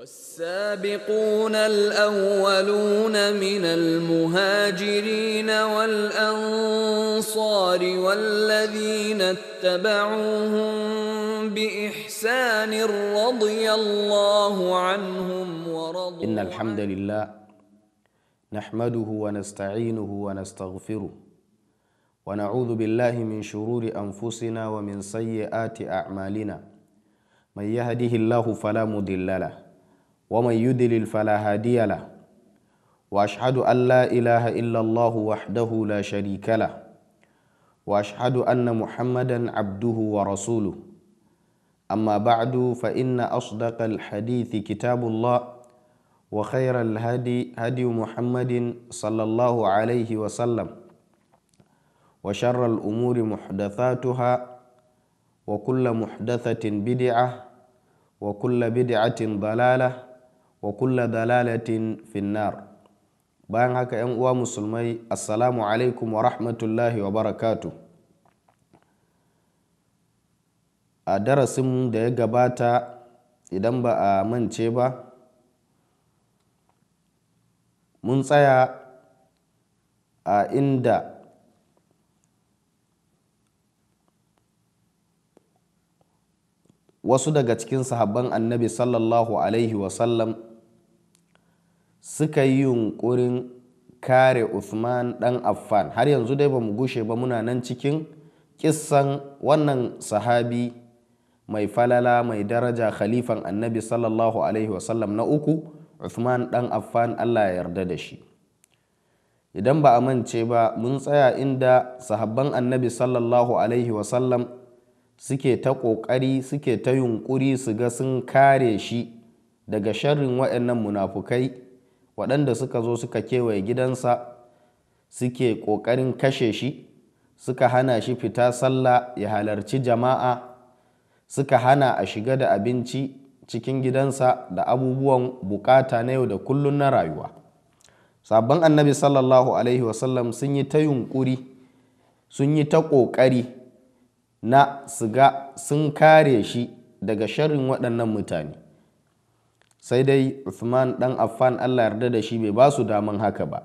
والسابقون الأولون من المهاجرين والأنصار والذين اتبعوهم بإحسان رضي الله عنهم ورضوا إن الحمد لله نحمده ونستعينه ونستغفره ونعوذ بالله من شرور أنفسنا ومن سيئات أعمالنا من يهده الله فلا مضل له ومن يدلل فلا هادي له واشهد ان لا اله الا الله وحده لا شريك له واشهد ان محمدا عبده ورسوله اما بعد فان اصدق الحديث كتاب الله وخير الهدي هدي محمد صلى الله عليه وسلم وشر الامور محدثاتها وكل محدثه بدعه وكل بدعه ضلاله wa kulla dalalatin finnar bayan haka 'yan uwa musulmai assalamu alaikum wa rahmatullahi wa barakatu a darasin da ya gabata idan ba a mance ba mun tsaya a inda wasu daga cikin sahabban annabi sallallahu alaihi wasallam suka yi yunƙurin kare Usman ɗan Affan har yanzu dai ba mu gushe ba muna nan cikin kissan wannan sahabi mai falala mai daraja khalifan annabi sallallahu alaihi wasallam na uku Usman ɗan Affan Allah ya yarda da shi idan ba a mance ba mun tsaya inda sahabban annabi sallallahu alaihi wasallam suke ta ƙoƙari suke ta yunƙuri su ga sun kare shi daga sharrin waɗannan munafukai waɗanda suka zo suka kewaye gidansa suke ƙoƙarin kashe shi suka hana shi fita sallah ya halarci jama'a suka hana a shiga da abinci cikin gidansa da abubuwan bukata na yau da kullum na rayuwa sabon annabi sallallahu alaihi wasallam sun yi ta yunkuri sun yi ta ƙoƙari na siga sun kare shi daga sharrin waɗannan mutane sai dai usman ɗan Affan Allah yarda da shi bai basu su daman haka ba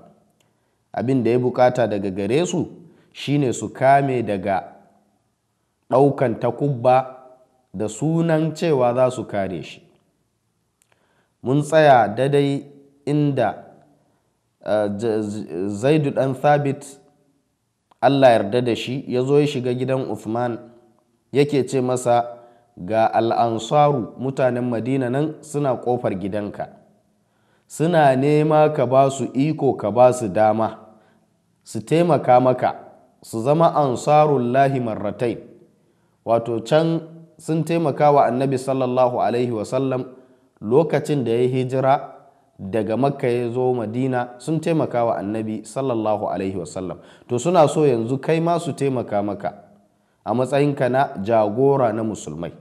abin da ya bukata daga gare su shine su kame daga ɗaukan takubba da sunan cewa za su kare shi mun tsaya dadai inda eh, zaidu dan thabit Allah yarda da shi ya zo ya shiga gidan usman yake ce masa ga al'ansaru mutanen madina nan suna ƙofar gidanka suna nema ka ba su iko ka ba su dama su taimaka maka su zama ansarun lahi marratai wato can sun taimaka wa annabi sallallahu alaihi wasallam lokacin da ya hijira daga makka ya zo madina sun taimaka wa annabi sallallahu alaihi wasallam to suna so yanzu kai ma su taimaka maka a matsayinka na jagora na musulmai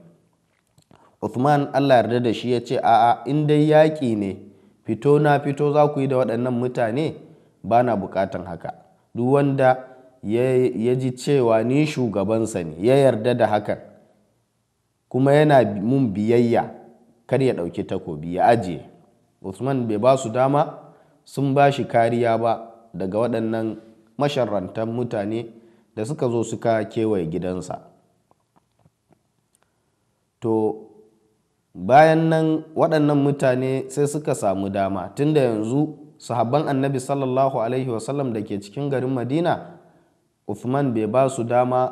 Uthman Allah yarda da shi ya ce a'a in dai yaƙi ne fito na fito za ku yi da waɗannan mutane ba na buƙatan haka duk wanda ya ji cewa ni shugabansa ne ya yarda da hakan kuma yana mun biyayya kar ya ɗauki takobi ya ajiye Usman bai ba su dama sun ba shi kariya ba daga waɗannan masharrantan mutane da suka zo suka kewaye gidansa to bayan nan waɗannan mutane sai suka samu dama tunda yanzu sahabban annabi sallallahu alaihi wasallam da ke cikin garin madina uthman bai ba su dama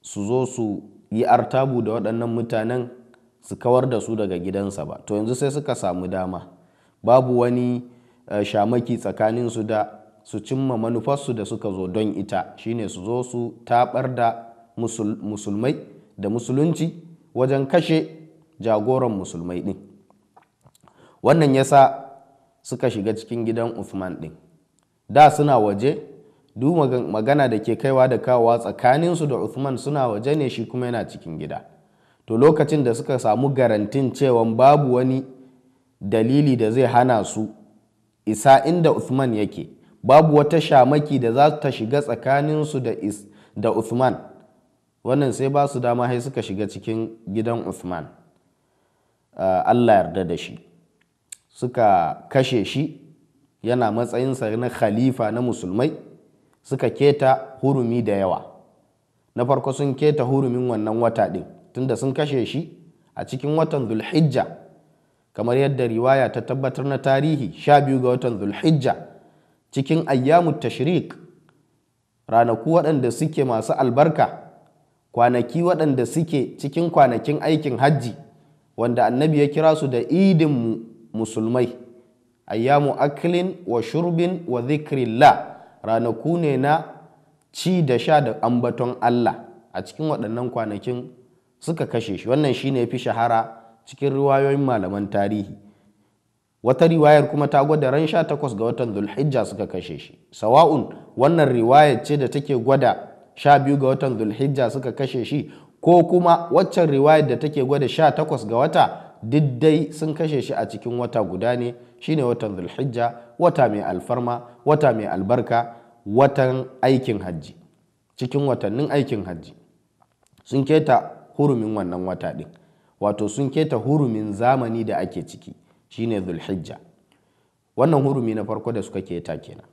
su zo su yi artabu da waɗannan mutanen su kawar da su daga gidansa ba to yanzu sai suka samu dama babu wani eh, shamaki tsakanin su da su cimma manufarsu da suka zo don ita shine su zo su tabar da musulmai da musulunci wajen kashe jagoran musulmai ɗin wannan ya sa suka shiga cikin gidan Uthman ɗin da suna waje duk magana da ke kaiwa da kawowa tsakaninsu da Uthman suna waje ne shi kuma yana cikin gida to lokacin da suka samu garantin cewa babu wani dalili da zai hana su isa inda Uthman yake babu wata shamaki da za ta shiga tsakaninsu da, da Uthman wannan sai ba su dama sai suka shiga cikin gidan Uthman. Eh, Allah yarda da shi suka kashe shi yana matsayinsa na khalifa na musulmai suka keta hurumi da yawa na farko sun keta hurumin wannan wata ɗin tunda sun kashe shi a cikin watan zulhijja kamar yadda riwaya ta tabbatar na tarihi sha biyu ga watan zulhijja cikin ayyamu tashrik ranaku waɗanda suke masu albarka kwanaki waɗanda suke cikin kwanakin aikin hajji wanda annabi ya kira su da idin musulmai ayyamu aklin wa shurbin wa zikrillah ranaku ne na ci da sha da ambaton Allah a cikin waɗannan kwanakin suka kashe shi wannan shine ya fi shahara cikin riwayoyin malaman tarihi wata riwayar kuma ta gwada ran sha takwas ga watan zulhijja suka kashe shi sawa'un wannan riwayar ce da take gwada sha biyu ga watan zulhijja suka kashe shi ko kuma waccan riwayar da take gwada sha takwas ga wata duk dai sun kashe shi a cikin wata guda ne shine watan zulhijja wata mai alfarma wata mai albarka watan aikin hajji cikin watannin aikin hajji sun keta hurumin wannan wata ɗin wato sun keta hurumin zamani da ake ciki shine zulhijja wannan hurumi na farko da suka keta kenan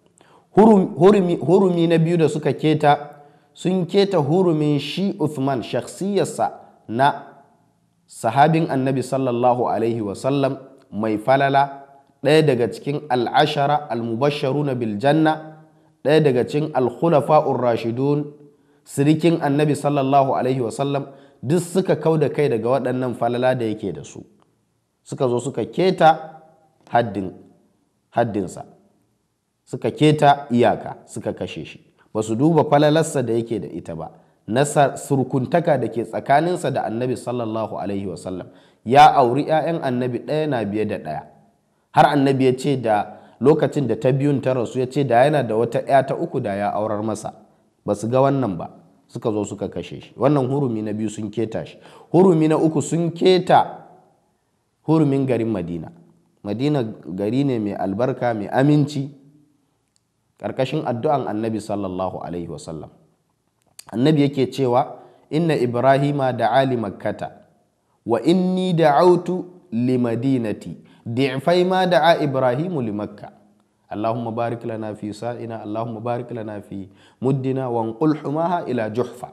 hurumi na biyu da suka keta sun keta hurumin shi Uthman shakhsiyarsa na sahabin annabi sallallahu alaihi wasallam mai falala ɗaya daga cikin al'ashara al Mubasharu na Biljanna, ɗaya daga cikin al khulafa rashidun sirikin annabi sallallahu alaihi wasallam duk suka kau da kai daga waɗannan falala da yake da su suka zo suka keta haddinsa suka keta iyaka suka kashe shi ba su duba falalarsa da yake da ita ba na surkuntaka da ke tsakaninsa da annabi sallallahu alaihi wasallam ya auri 'ya'yan annabi ɗaya na biye da ɗaya har annabi ya ce da lokacin da ta biyun ta rasu ya ce da yana da wata 'ya ta uku da ya aurar masa ba su ga wannan ba suka zo suka kashe shi wannan hurumi na biyu sun keta shi hurumi na uku sun keta hurumin garin madina madina gari ne mai albarka mai aminci ƙarƙashin addu'an annabi sallallahu alaihi wasallam annabi yake cewa inna ibrahima da ali makkata wa inni da'autu li madinati di'fai ma da'a ibrahimu limakka. makka allahumma barik lana fi sa'ina allahumma barik lana fi muddina wa anqul ila juhfa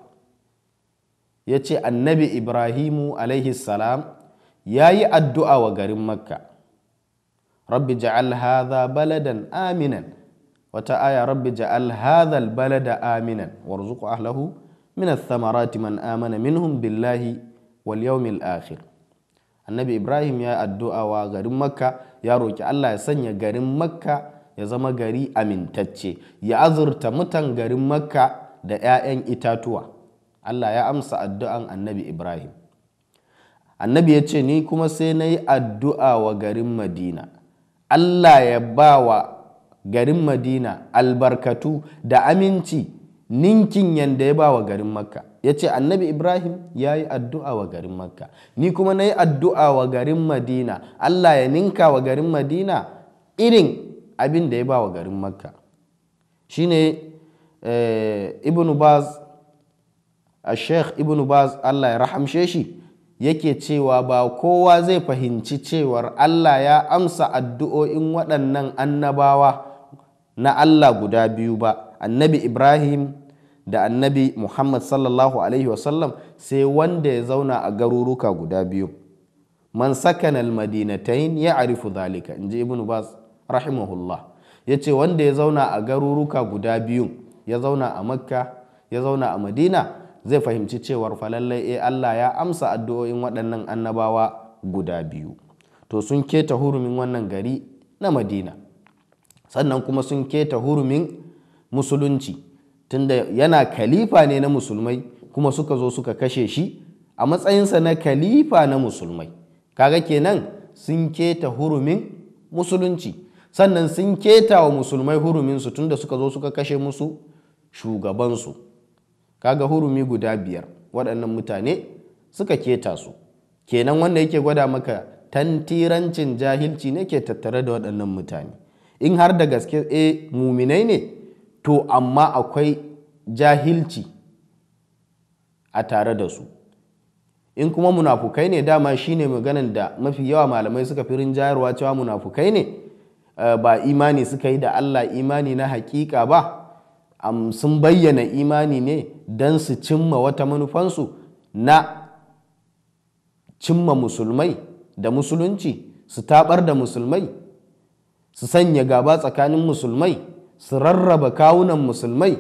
yace annabi ibrahimu alaihi salam yayi addu'a wa garin makka rabbi ja'al hadha baladan aminan wata aya rabbi ja'al Bala balada aminan warzuq ahlahu min athamarati man amana minhum billahi wal yawmil akhir annabi ibrahim ya addu'a wa garin makka ya roki Allah ya sanya garin makka ya zama gari amintacce ya azurta mutan garin makka da 'ya'yan itatuwa Allah ya amsa addu'an annabi ibrahim annabi ya ce ni kuma sai na yi addu'a wa garin madina Allah ya ba wa garin madina albarkatu da aminci ninkin yadda ya ba wa garin makka ya ce annabi ibrahim ya yi addu'a wa garin makka ni kuma na yi addu'a wa garin madina allah ya ninka wa garin madina irin abin da ya ba wa garin makka Shi ne eh, ibn baz a sheikh ibn baz allah ya rahamshe shi yake cewa ba kowa zai fahimci cewar allah ya amsa addu'o'in waɗannan annabawa na Allah guda biyu ba annabi Ibrahim da annabi Muhammad sallallahu alaihi wasallam sai wanda ya zauna a garuruka guda biyu man sakanal madinatain ya arifu zalika inji ibnu bas rahimahullah ya ce, wanda ya zauna a garuruka guda biyu ya zauna a makka ya zauna a madina zai fahimci cewar falallai e eh, Allah ya amsa addu'o'in waɗannan annabawa guda biyu to sun keta hurumin wannan gari na madina sannan kuma sun keta hurumin musulunci tunda yana kalifa ne na musulmai kuma suka zo suka kashe shi a matsayinsa na kalifa na musulmai kaga kenan sun keta hurumin musulunci sannan sun keta wa musulmai huruminsu tunda suka zo suka kashe musu shugabansu kaga hurumi guda biyar waɗannan mutane suka keta su kenan wanda yake gwada maka tantirancin jahilci ne ke tattare da waɗannan mutane in har da gaske e muminai ne to amma akwai jahilci a tare da su in kuma munafukai ne dama shine maganan da mafi yawa malamai suka fi rinjayarwa cewa munafukai ne eh, ba imani suka yi da Allah imani na hakika ba sun bayyana imani ne don su cimma wata manufansu na cimma musulmai da musulunci su tabar da musulmai su sanya gaba tsakanin musulmai su rarraba kawunan musulmai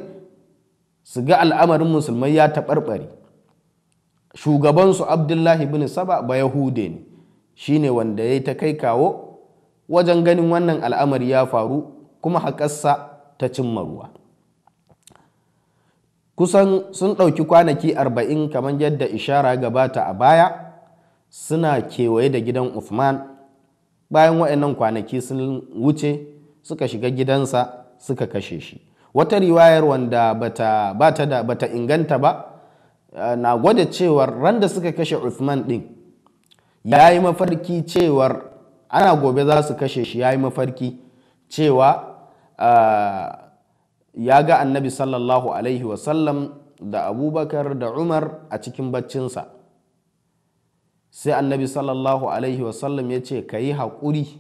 su ga al'amarin musulmai ya taɓarɓare shugabansu abdullahi bin saba ba yahude ne shine wanda ya yi ta kai kawo wajen ganin wannan al'amari ya faru kuma haƙarsa ta cimma ruwa kusan sun ɗauki kwanaki arba'in kamar yadda ishara gabata a baya suna kewaye da gidan Usman. bayan waɗannan kwanaki sun wuce suka shiga gidansa suka kashe shi wata riwayar wanda bata, bata, da, bata inganta ba eh, na gwada cewar ran da suka kashe usman ɗin ya yi mafarki cewar ana gobe za su kashe shi ya yi mafarki cewa eh, ya ga annabi sallallahu alaihi wasallam da abubakar da umar a cikin baccinsa sai annabi sallallahu alaihi wasallam ya ce ka yi haƙuri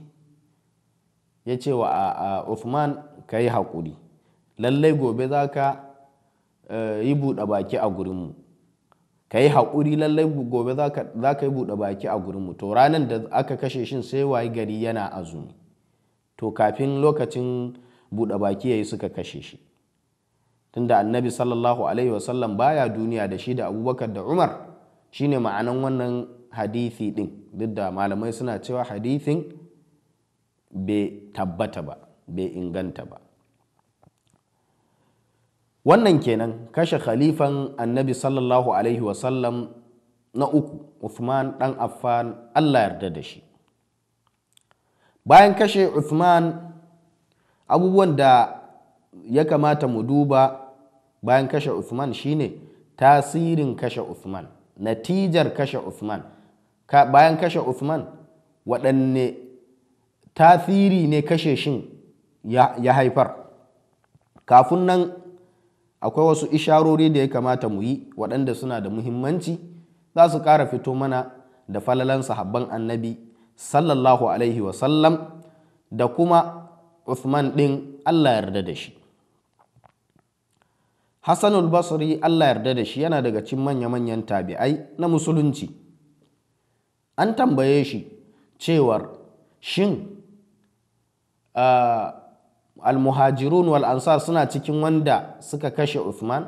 ya ce wa Uthman ka yi haƙuri lallai gobe za ka eh, yi buɗe baki a gurinmu ka yi haƙuri lallai gobe za ka yi buɗe baki a gurinmu to ranar da aka kashe shin sai wayi gari yana azumi to kafin lokacin buɗe baki ya yi suka kashe shi tunda annabi sallallahu alaihi wasallam baya duniya da shi da abubakar da umar shine ma'anan wannan hadithi din duk da malamai suna cewa hadithin bai tabbata ba bai inganta ba wannan kenan kashe khalifan annabi sallallahu alaihi wasallam na uku Uthman dan Affan Allah yarda da shi bayan kashe Uthman abubuwan da ya kamata mu duba bayan kashe Uthman shine tasirin kashe Uthman natijar kashe Uthman bayan kashe Uthman waɗanne tasiri ne kashe shin ya haifar kafin nan akwai wasu isharori da ya kamata mu yi waɗanda suna da muhimmanci za su ƙara fito mana da falalan sahabban annabi sallallahu alaihi wasallam da kuma usman ɗin Allah yarda da shi Hassanul Basri Allah yarda da shi yana daga cikin manya-manyan tabi'ai na musulunci. an tambaye shi cewar shin almuhajirun wal ansar suna cikin wanda suka kashe Usman?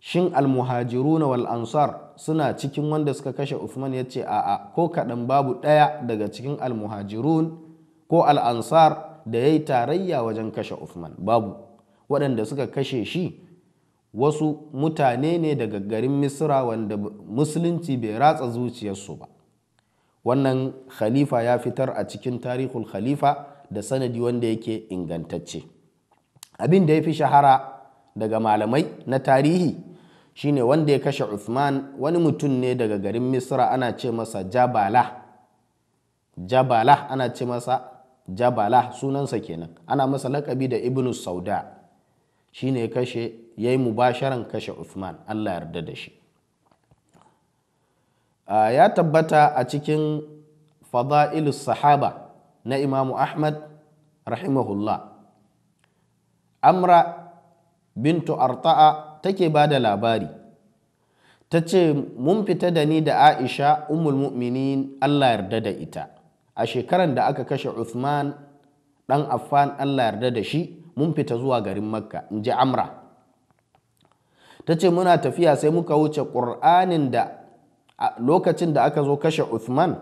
shin almuhajiruna wal ansar suna cikin wanda suka kashe Usman? ya ce a'a ko kaɗan babu ɗaya daga cikin almuhajirun ko al'ansar da ya yi tarayya wajen kashe Usman, babu waɗanda suka kashe shi wasu mutane ne daga garin misra wanda musulunci bai ratsa zuciyarsu ba wannan khalifa ya fitar a cikin tarihul khalifa da sanadi wanda yake ingantacce abin da ya fi shahara daga malamai na tarihi shine wanda ya kashe Usman. wani mutum ne daga garin misra ana ce masa jabala jabala ana ce masa jabala sunansa kenan ana masa lakabi da ibnu sauda shine ne kashe ya yi mubasharan kashe Usman Allah yarda da shi ya tabbata a cikin fada'ilus sahaba na imamu Ahmad rahimahullah amra bintu arta'a take ba da labari ta ce mun fita da ni da aisha umul mu'minin allah yarda da ita a shekaran da aka kashe uthman dan affan allah yarda da shi mun fita zuwa garin makka in ji amra ta ce muna tafiya sai muka wuce ƙur'anin da lokacin da aka zo kashe usman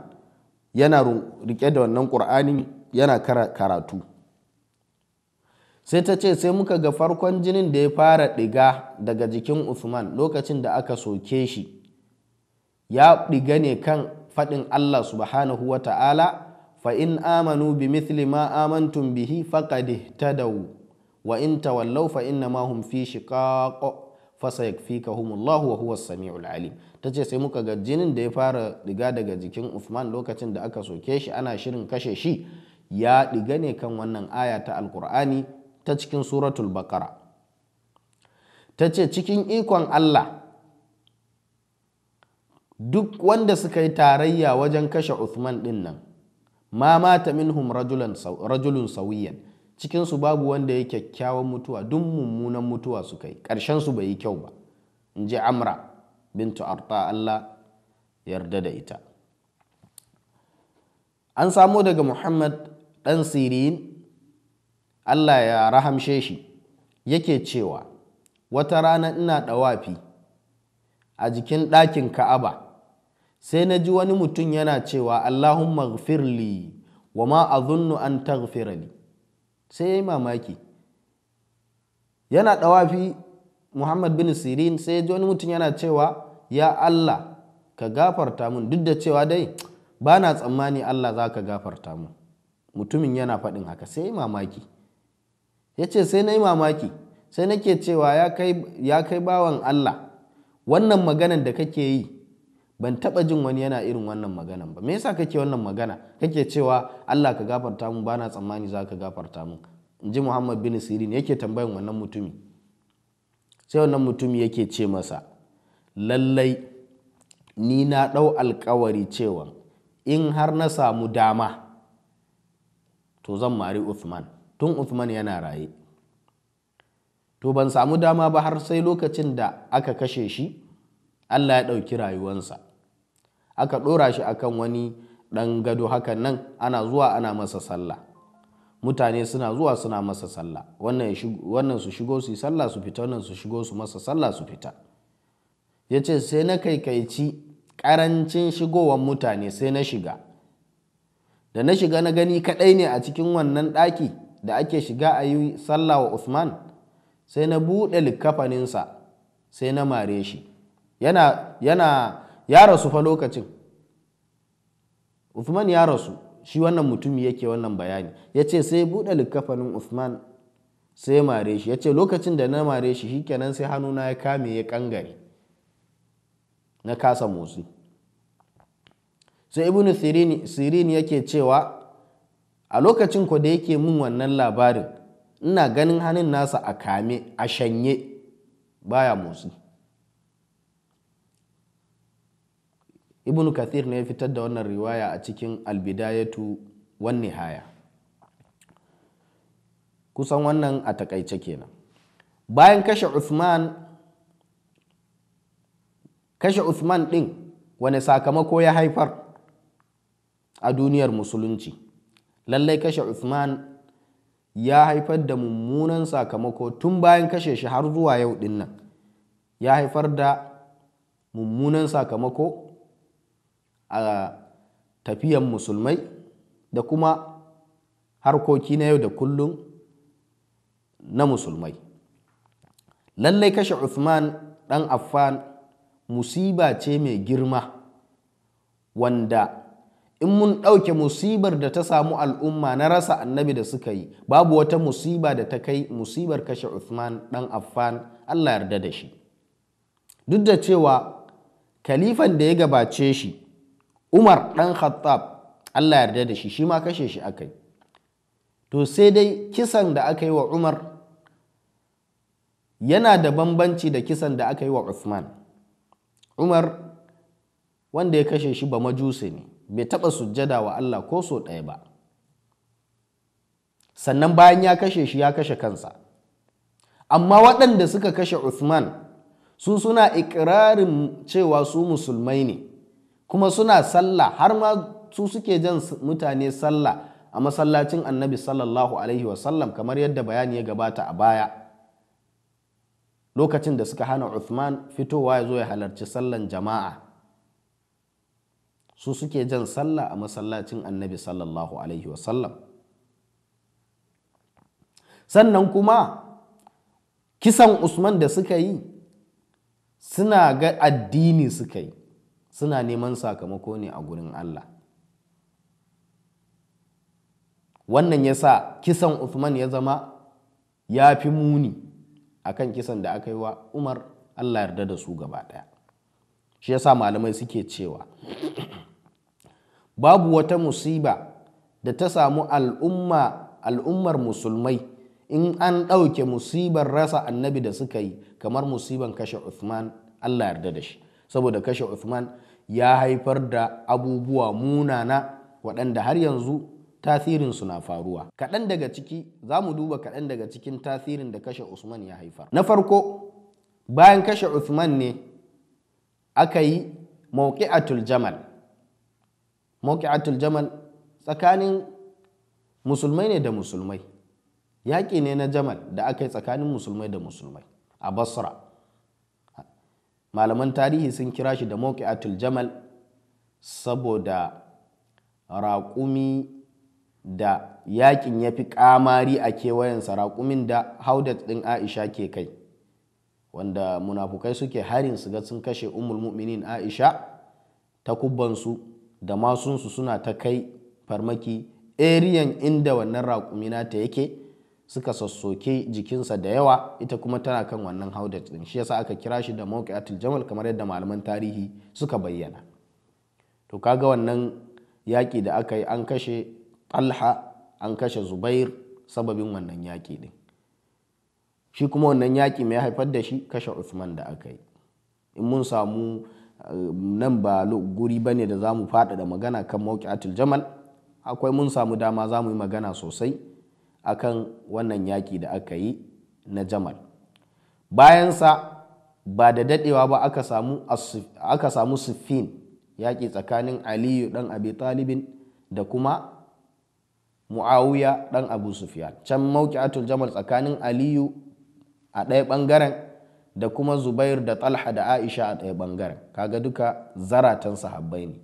yana rike da wannan ƙur'anin yana karatu sai ta ce sai muka ga farkon jinin da ya fara ɗiga daga jikin usman lokacin da aka soke shi ya ɗiga ne kan faɗin allah subhanahu wa ta'ala fa in amanu bi mithli ma amantum bihi faqad tadawu. wa in tawallaw fa ma hum fi shiqaq fa sayakfikahumullahu wa huwas samiul alim tace sai muka ga jinin da ya fara diga daga jikin Uthman lokacin da aka soke shi ana shirin kashe shi ya diga ne kan wannan aya ta alkur'ani ta cikin suratul bakara ta ce cikin ikon Allah duk wanda suka yi tarayya wajen kashe Uthman dinnan nan ma mata minhum rajulun sawiyan cikin su babu wanda ya kyakkyawan mutuwa duk mummunan mutuwa su kai su bai yi kyau ba in ji amra bintu arta allah yarda da ita an samo daga muhammad ɗan sirin allah ya rahamshe shi yake cewa wata rana ina ɗawafi a jikin ɗakin ka'aba sai na ji wani mutum yana cewa allahumma gfirli wa ma zunnu an tagfirali sai ya yi mamaki yana ɗawafi muhammad bin sirin sai ji wani mutum yana cewa ya allah ka gafarta mun duk da cewa dai ba na tsammani allah za ka gafarta mun mutumin yana faɗin haka sai ya yi mamaki ya ce sai na yi mamaki sai nake cewa ya kai bawan allah wannan maganan da kake yi ban taba jin wani yana irin wannan maganan ba me yasa kake wannan magana kake cewa Allah ka gafarta mun? bana tsammani za ka gafarta mun. in ji Muhammad bin Sirin yake tambayan wannan mutumi sai wannan mutumi yake ce masa lallai ni na ɗau alkawari cewa in har na samu dama to zan mari Uthman tun Uthman yana raye to ban samu dama ba har sai lokacin da aka kashe shi Allah ya ɗauki rayuwansa aka ɗora shi akan wani ɗan gado hakan nan ana zuwa ana masa sallah mutane suna zuwa suna masa sallah wannan su shigo su yi sallah su fita wannan su shigo su masa sallah su fita ya ce sai na kaikaici ƙarancin shigowan mutane sai na shiga da na shiga na gani kaɗai ne a cikin wannan ɗaki da ake shiga a yi sallah wa Usman sai na buɗe likafaninsa sai na mare shi yana, yana ya rasu fa lokacin Uthman ya rasu shi wannan mutumi yake wannan bayani ya ce sai buɗe likkafanin usman sai mare shi ya ce lokacin da na mare shi shikenan sai hannuna ya kame ya kangare na kasa motsi sai ibn sirini yake cewa a lokacin ku da yake mun wannan labarin ina ganin hannun nasa a kame a shanye baya motsi ibnu kathir ne ya fitar da wannan riwaya a cikin albidayatu wan nihaya kusan wannan a takaice kenan bayan kashe uthman kashe uthman din wani sakamako ya haifar a duniyar musulunci lallai kashe Usman ya haifar da mummunan sakamako tun bayan kashe shi har zuwa yau din nan ya haifar da mummunan sakamako a tafiyan musulmai da kuma harkoki na yau da kullum na musulmai lallai kashe Usman ɗan Affan musiba ce mai girma wanda in mun ɗauke musibar da ta samu al'umma na rasa annabi da suka yi babu wata musiba da ta kai musibar kashe Usman ɗan Affan Allah yarda da shi duk da cewa kalifan da ya gabace shi umar ɗan khattab allah yarda da shi shi ma kashe shi aka yi to sai dai kisan da aka yi wa umar yana da bambanci da kisan da aka yi wa Usman. umar wanda ya kashe shi ba majusi ne bai taɓa sujjada wa allah ko so ɗaya ba sannan bayan ya kashe shi ya kashe kansa amma waɗanda suka kashe Usman su suna ikirarin cewa su musulmai ne kuma suna sallah har ma su suke jan mutane sallah a masallacin annabi sallallahu alaihi wasallam kamar yadda bayani ya gabata a baya lokacin da suka hana Uthman fitowa ya zo ya halarci sallan jama'a su suke jan sallah a masallacin annabi sallallahu alaihi wasallam sannan kuma kisan Usman da suka yi suna ga addini suka yi suna neman sakamako ne a gurin Allah wannan ya sa kisan Uthman ya zama ya fi muni a kan kisan da aka yi wa Umar Allah yarda da su gaba ɗaya shi ya sa malamai suke cewa babu wata musiba da ta samu al'umma al'ummar musulmai in an ɗauke musibar rasa annabi da suka yi kamar musibar kashe Uthman Allah yarda da shi saboda kashe Uthman ya haifar da abubuwa munana waɗanda har yanzu tasirin su na faruwa. Kaɗan daga ciki za mu duba kaɗan daga cikin tasirin da kashe Usman ya haifar. Na farko bayan kashe Usman ne aka yi mawqi'atul jamal. mauƙi'atul jamal tsakanin musulmai ne da musulmai. Yaƙi ne na jamal da aka yi tsakanin musulmai da musulmai a Basra. malaman tarihi sun kira shi da mawqi'atul jamal saboda raƙumi da yakin ya fi ƙamari a kewayensa raƙumin da haudat ɗin aisha ke kai wanda munafukai suke harin su ga sun kashe umul mu'minin aisha kubbansu da masunsu suna ta kai farmaki eriyan inda wannan raƙumi ta yake suka sassoke jikinsa da yawa ita kuma tana kan wannan haudat din shi yasa aka kira shi da mawqi'atul jamal kamar yadda malaman tarihi suka bayyana to kaga wannan yaƙi da aka yi an kashe talha an kashe zubair sababin wannan yaƙi din shi kuma wannan yaƙi mai haifar da shi kashe usman da aka yi in mun samu eh, nan ba guri bane da zamu mu faɗaɗa magana kan mawqi'atul jamal akwai mun samu dama zamu yi magana sosai akan wannan yaƙi da aka yi na jamal bayansa ba da daɗewa ba aka samu siffin yaƙi tsakanin aliyu ɗan abi talibin da kuma mu'awiya ɗan abu sufyan can mauki'atul jamal tsakanin aliyu a ɗaya bangaren da kuma zubair da talha da aisha a ɗaya ɓangaren kaga duka zaratan sahabbai ne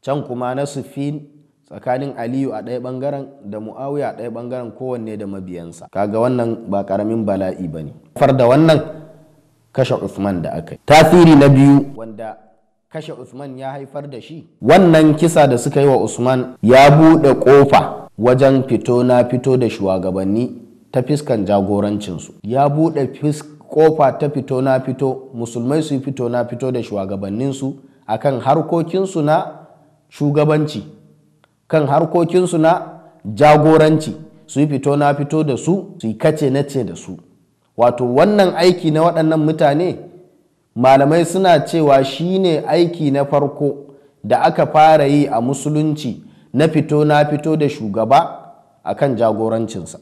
can kuma na siffin tsakanin aliyu a ɗaya ɓangaren da mu'awiya a ɗaya ɓangaren kowanne da mabiyansa kaga wannan ba ƙaramin bala'i ba ne far da wannan kashe usman da aka yi tasiri na biyu wanda kashe usman ya haifar da shi wannan kisa da suka yi wa usman ya buɗe ƙofa wajen fito na fito da shugabanni ta fiskan jagorancinsu ya buɗe ƙofa ta fito na fito musulmai su fito na fito da shugabanninsu akan harkokinsu na shugabanci kan harkokinsu na jagoranci su yi fito na fito da su su yi kace na ce da su wato wannan aiki na waɗannan mutane malamai suna cewa shi ne aiki na farko da aka fara yi a musulunci na fito na fito da shugaba a kan jagorancinsa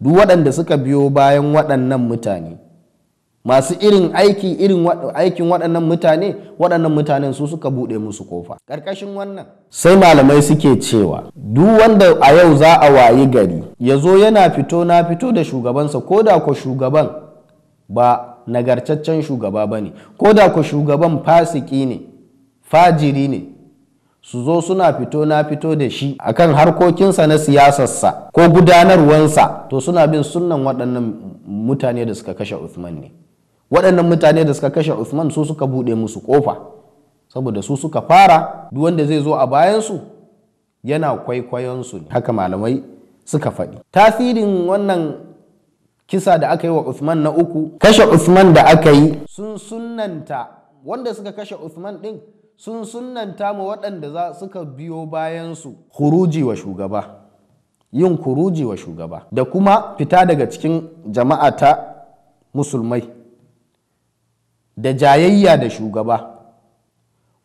duk waɗanda suka biyo bayan waɗannan mutane masu irin aiki irin aikin waɗannan mutane waɗannan mutanen su suka buɗe musu kofa ƙarƙashin wannan sai malamai suke cewa duk wanda a yau za a wayi gari ya zo yana fito na fito da shugabansa ko da ko shugaban ba nagartaccen shugaba ba ne ko da ko shugaban fasiki ne fajiri ne su zo suna fito na fito da shi akan harkokinsa na siyasarsa ko gudanarwansa to suna bin sunan waɗannan mutane da suka kashe Usman ne waɗannan mutane da suka kashe Usman su suka buɗe musu ƙofa saboda su suka fara duk wanda zai zo a bayansu yana kwaikwayonsu ne haka malamai suka faɗi tasirin wannan kisa da aka yi wa Usman na uku kashe Usman da aka yi sun sunnanta wanda suka kashe Usman ɗin sun sunnanta mu waɗanda za suka biyo bayansu Kuruji wa shugaba yin kuruji wa shugaba da kuma fita daga cikin jama'a ta musulmai da jayayya da shugaba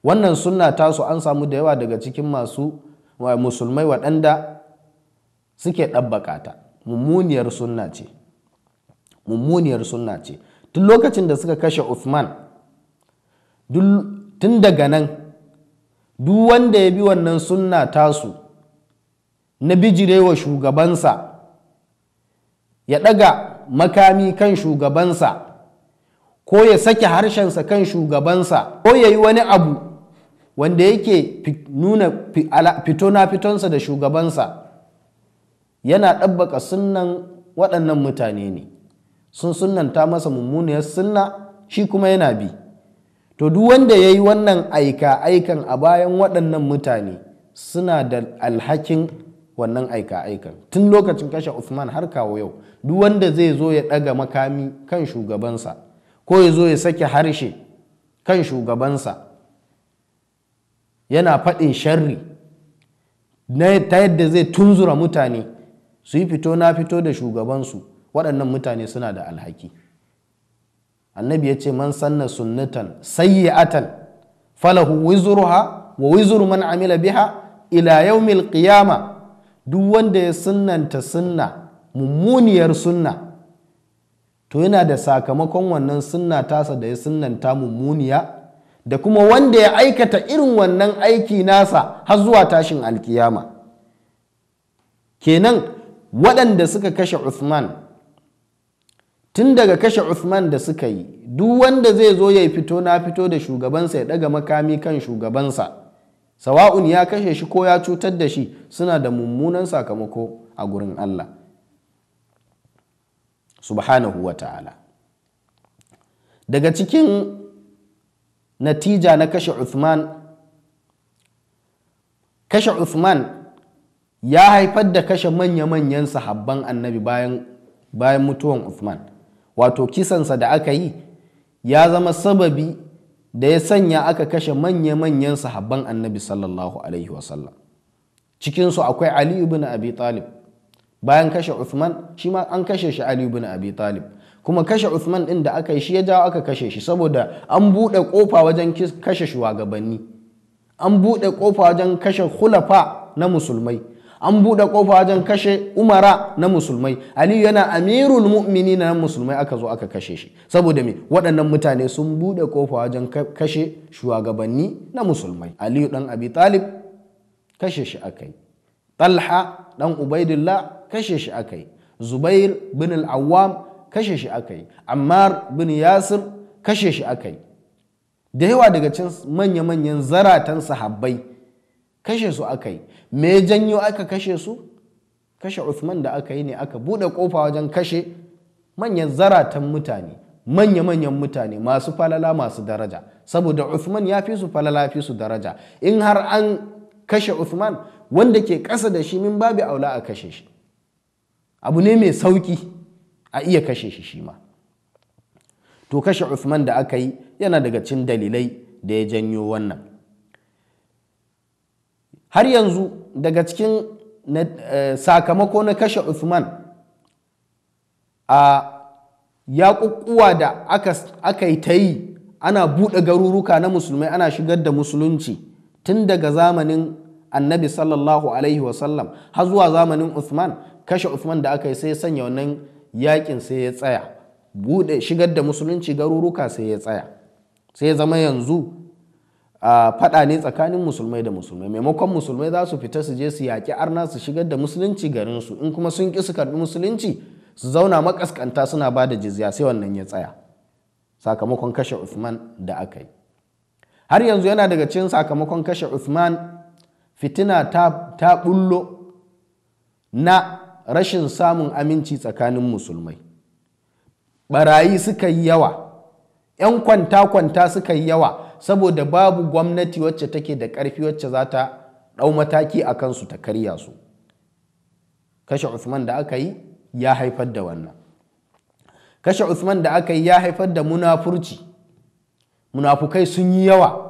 wannan sunna taso an samu da yawa daga cikin masu musulmai waɗanda suke ɗabbaka ta mummuniyar sunna ce mummuniyar sunna ce tun lokacin da suka kashe Usman, tun daga nan duk wanda ya bi wannan sunna tasu na bijirewa shugabansa ya ɗaga makami kan shugabansa ko ya sake harshensa kan shugabansa ko ya yi wani abu wanda yake nuna fito na fitonsa da shugabansa yana ɗabbaka sunnan waɗannan mutane ne sun ta masa mummuniyar sunna shi kuma yana bi to duk wanda ya yi wannan aika aikan a bayan waɗannan mutane suna da alhakin wannan aika aikan tun lokacin kashe usman har kawo yau duk wanda zai zo ya ɗaga makami kan shugabansa ko ya zo ya sake harshe kan shugabansa yana faɗin sharri ta yadda zai tunzura mutane su yi fito na fito da shugabansu waɗannan mutane suna da alhaki annabi ya ce man sanna sunnatan sayyi'atan falahu wizruha wa wizuru man amila biha ila yaumil qiyama duk wanda ya sunnanta sunna mummuniyar sunna to yana da sakamakon wannan sunna tasa da ya sunnanta mummuniya da kuma wanda ya aikata irin wannan aiki nasa har zuwa tashin alkiyama kenan waɗanda suka kashe usman. tun daga kashe usman da suka yi duk wanda zai zo ya fito na fito da shugabansa ya ɗaga makami kan shugabansa sawa'un ya kashe shi ko ya cutar da shi suna da mummunan sakamako a gurin Allah subhanahu wa ta'ala daga cikin natija na kashe Uthman kashe Uthman ya haifar da kashe manya-manyan sahabban annabi bayan bayan mutuwan Uthman wato kisansa da aka yi ya zama sababi da ya sanya aka kashe manya-manyan sahabban annabi sallallahu alaihi wasallam cikinsu akwai Ali ibn Abi Talib bayan kashe Usman shi ma an kashe shi Ali bin Abi Talib kuma kashe Usman din da aka yi shi ya jawo aka kashe shi saboda an buɗe kofa wajen kashe shugabanni an buɗe kofa wajen kashe khulafa na musulmai an buɗe kofa wajen kashe umara na musulmai aliyu yana amirul mu'mini na musulmai aka zo aka kashe shi saboda me waɗannan mutane sun buɗe kofa wajen kashe shugabanni na musulmai aliyu dan abi talib kashe shi aka yi talha dan ubaidillah kashe shi aka yi zubair bin al’awam kashe shi aka yi ammar bin yasir kashe shi aka yi da yawa daga cin manya-manyan zaratan sahabbai kashe su aka yi me janyo aka kashe su kashe Usman da aka yi ne aka buɗe ƙofa wajen kashe manyan zaratan mutane manya-manyan mutane masu falala masu daraja saboda Usman ya fi su falala fi su daraja in har an kashe Usman wanda ke ƙasa da shi min babu aula a kashe shi abu ne mai sauƙi a iya kashe shi shi ma to kashe Usman da aka yi yana daga cin dalilai da ya janyo wannan har yanzu daga cikin eh, sakamako na kashe Usman, a yaƙuƙuwa da aka yi ta yi ana buɗe garuruka na musulmai ana shigar da musulunci tun daga zamanin annabi sallallahu alaihi wasallam har zuwa zamanin Usman. kashe Usman da aka yi sai ya sanya wannan yakin sai ya tsaya bude shigar da musulunci garuruka sai ya tsaya sai zama yanzu a fada ne tsakanin musulmai da musulmai maimakon musulmai za su fita su je su yaki arna su shigar da musulunci garin su in kuma sun ƙi su karɓi musulunci su zauna makaskanta suna ba da jizya sai wannan ya tsaya sakamakon kashe Uthman da aka yi har yanzu yana daga cikin sakamakon kashe Usman fitina ta, ta bullo na rashin samun aminci tsakanin musulmai barayi suka yi yawa 'yan kwanta-kwanta suka yi yawa saboda babu gwamnati wacce take da ƙarfi wacce za ta ɗau mataki a kansu ta karya su kashe usman da aka yi ya haifar da wannan kashe usman da aka yi ya haifar da munafurci munafukai sun yi yawa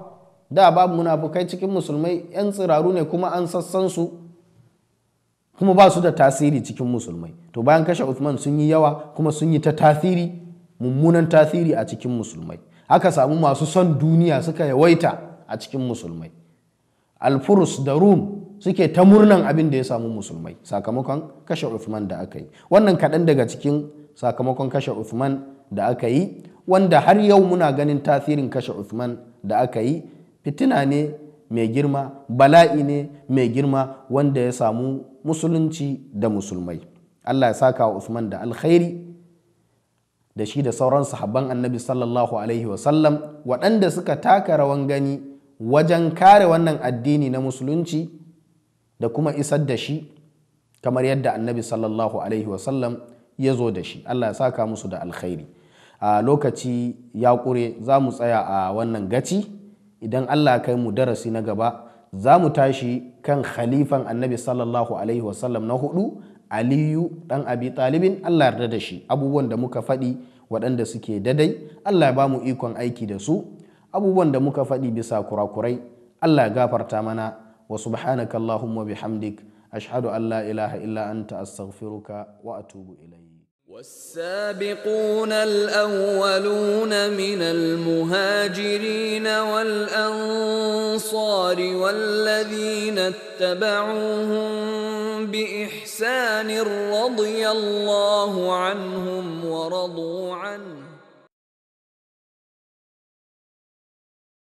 da babu munafukai cikin musulmai 'yan tsiraru ne kuma an sassan su kuma ba su da tasiri cikin musulmai to bayan kashe usman sun yi yawa kuma sun yi ta tasiri mummunan tasiri a cikin musulmai aka samu masu son duniya suka yawaita a cikin musulmai alfurus da rum suke ta murnan abin da ya samu musulmai sakamakon kashe usman da aka yi wannan kaɗan daga cikin sakamakon kashe usman da aka yi wanda har yau muna ganin tasirin kashe usman da aka yi fitina ne mai girma bala'i ne mai girma wanda ya samu musulunci da musulmai allah ya saka wa usman da alkhairi da shi da sauran sahabban annabi sallallahu alaihi wasallam waɗanda suka taka rawan gani wajen kare wannan addini na musulunci da kuma isar da shi kamar yadda annabi sallallahu alaihi wasallam ya zo da shi allah ya saka musu da alkhairi a lokaci ya ƙure za mu tsaya a wannan gaci idan Allah kai mu darasi na gaba za mu tashi kan khalifan annabi sallallahu alaihi wasallam na hudu aliyu dan abi talibin Allah yarda da shi abubuwan da muka faɗi waɗanda suke dadai Allah ya ba mu ikon aiki da su abubuwan da muka faɗi bisa kurakurai Allah ya gafarta mana wa subhanakallahumma bihamdik ashhadu an la ilaha illa anta astaghfiruka wa atubu ilayk والسابقون الأولون من المهاجرين والأنصار والذين اتبعوهم بإحسان رضي الله عنهم ورضوا عنه